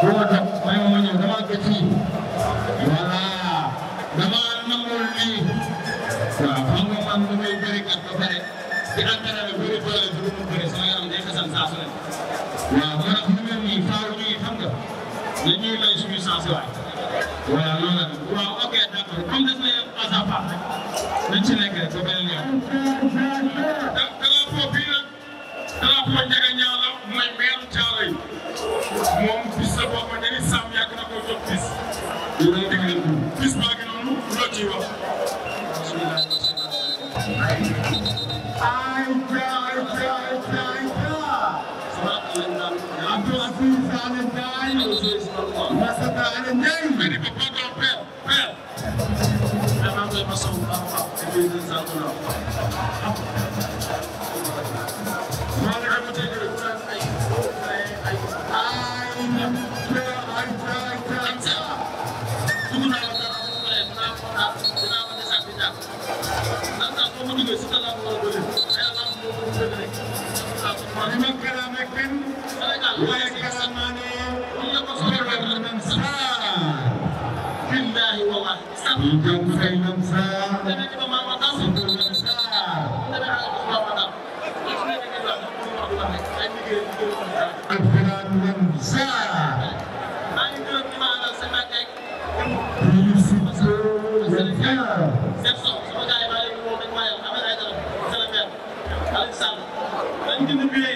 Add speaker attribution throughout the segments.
Speaker 1: góor nag may ma ma ñëw dama gëj nii voilà dama nangul lii waaw xam nga man bu may bëri kat ba pare di entraîné bëri doole bi mu bëri sama yaram day xasan saa su ne waaw ma tax ñu mel nii faaw ñuy xam nga dañuy may suñu sens waay voilà loolu la waaw ok d'accord comme def nañ pas à pas rek nañ ci nekk rek ba beneen Abdul Aziz Al-Dai, I'm going to be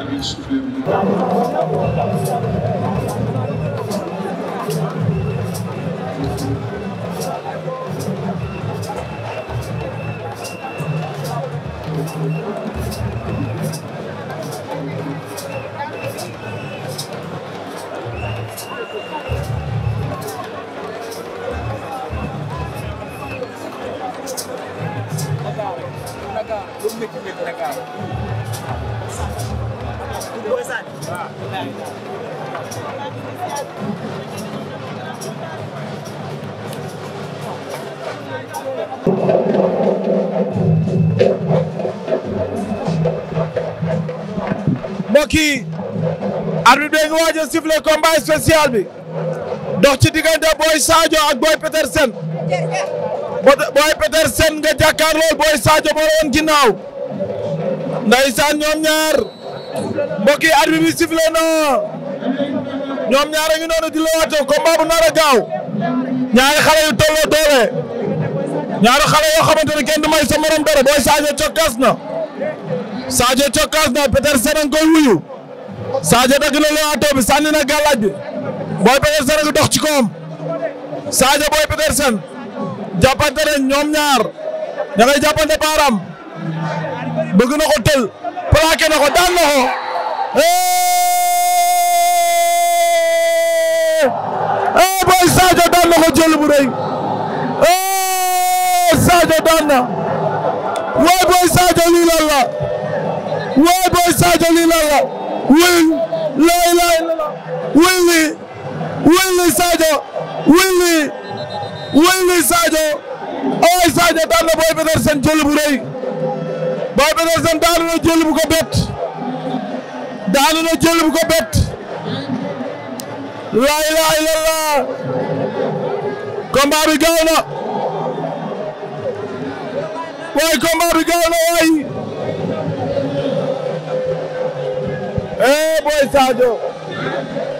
Speaker 1: amiin suufle bi Dakar lu métti métti Dakar Boy Sané mbokk yi arbitre bi nga waaj a siffler combat spécial bi dox ci diggante Boy Sadio ak Boy Petersen Boy Petersen nga jàkkaarloo Boy Sadio moo la woon ginnaaw ndeysaan ñoom ñaar mbokk yi arbitre bi sifflé na ñoom ngi noonu di lewaatoo combat bu nar a gaaw ñaari xale yu tolloo doole ñaari xale yoo xamante ne kenn du may sa dara booy Sadio cokkaas na Sadio cokkaas na Petersen a ngi koy wuyu Sadio dagg na lewaatoo bi sànni na gàllaaj bi booy Petersen a ngi ci koom Sadio booy Petersen jàppante ne ñoom ñaar da ngay jàppante na ko tël plaqué na ko daan na ko eh booy Sadio daan na ko jël bu rëy eh Sadio daan booy Sadio lii lan la booy Sadio lii lan la wuy lay lay wuy li wuy li Sadio wuy li wuy li Sadio ay Sadio daan na booy Petersen jël bu rëy booy Petersen bu ko daanu na jël bu ko bett la ilaha illallah combat bi gaaw na waay combat bi gaaw na waay eh boy